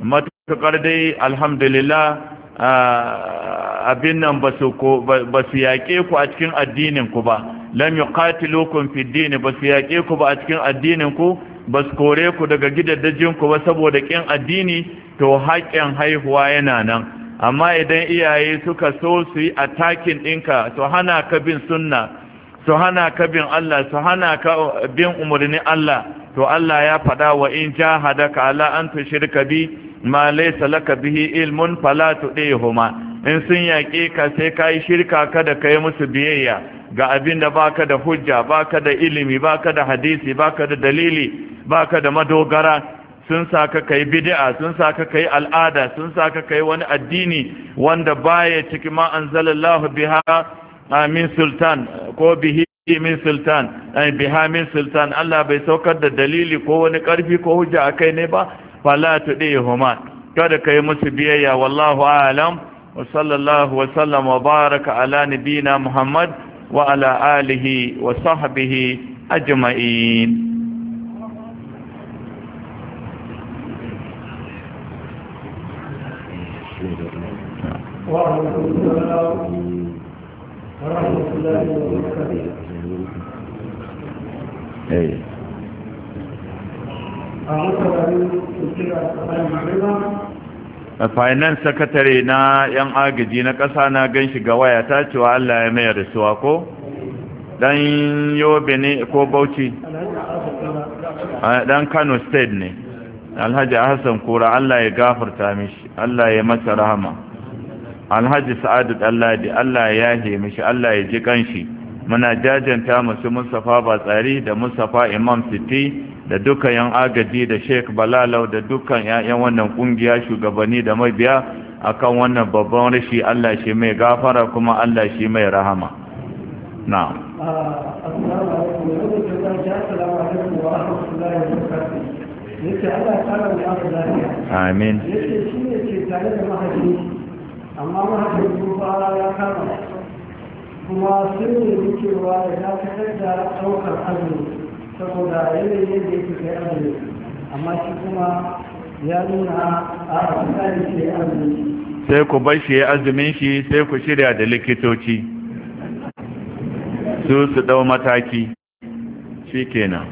matukar dai alhamdulillah abin nan ba su yaƙe ku a cikin addininku ba lam yuqatilukum fi dini ba su yaƙe ku ba a cikin addininku ba su kore ku daga ku ba saboda ƙin addini to haƙƙin haihuwa yana nan amma idan iyaye suka so su yi attacking ɗinka su hana ka bin sunna su hana ka bin Allah su hana ka bin umarnin Allah to Allah ya faɗa wa in jahadaka ala an tushirka bi ma laysa laka bihi ilmun fala tudihuma in sun yaƙe ka sai kai shirka ka da kai musu biyayya ga abinda baka da hujja baka da ilimi baka da hadisi baka da dalili baka da madogara sun sa kai bid'a sun sa kai al'ada sun sa kai wani addini wanda baya ciki ma anzalallahu biha min sultan ko bihi min sultan ai biha min sultan Allah bai saukar da dalili ko wani karfi ko hujja akai ne ba fala tudihuma kada kai musu biyayya wallahu alam wa sallallahu wa sallam wa baraka ala nabina muhammad wa ala alihi wa sahbihi ajma'in ورحمة a finance secretary na yan agaji na ƙasa na gan shi ga waya ta cewa Allah ya mayar suwa ko dan yobe ne ko bauchi dan kano state ne alhaji hassan kura Allah ya gafarta mishi Allah ya masa rahama alhaji sa'adu dalladi Allah ya yahe mishi Allah ya ji kanshi muna jajanta musu Mustapha Batsari da mustafa Imam Siti. da dukkan yan agaji da sheik balalau da dukkan yayan wannan kungiya shugabanni da mabiya akan wannan babban rashi Allah shi mai gafara kuma Allah shi mai rahama na'am amin amma mahaifin ba ya kama kuma sun ne cewa ya dakatar da ɗaukar azumi saboda yanayin yadda yake kai amma shi kuma ya nuna a tsari shi azumi sai ku bar shi ya azumin shi sai ku shirya da likitoci su su dau mataki shi kenan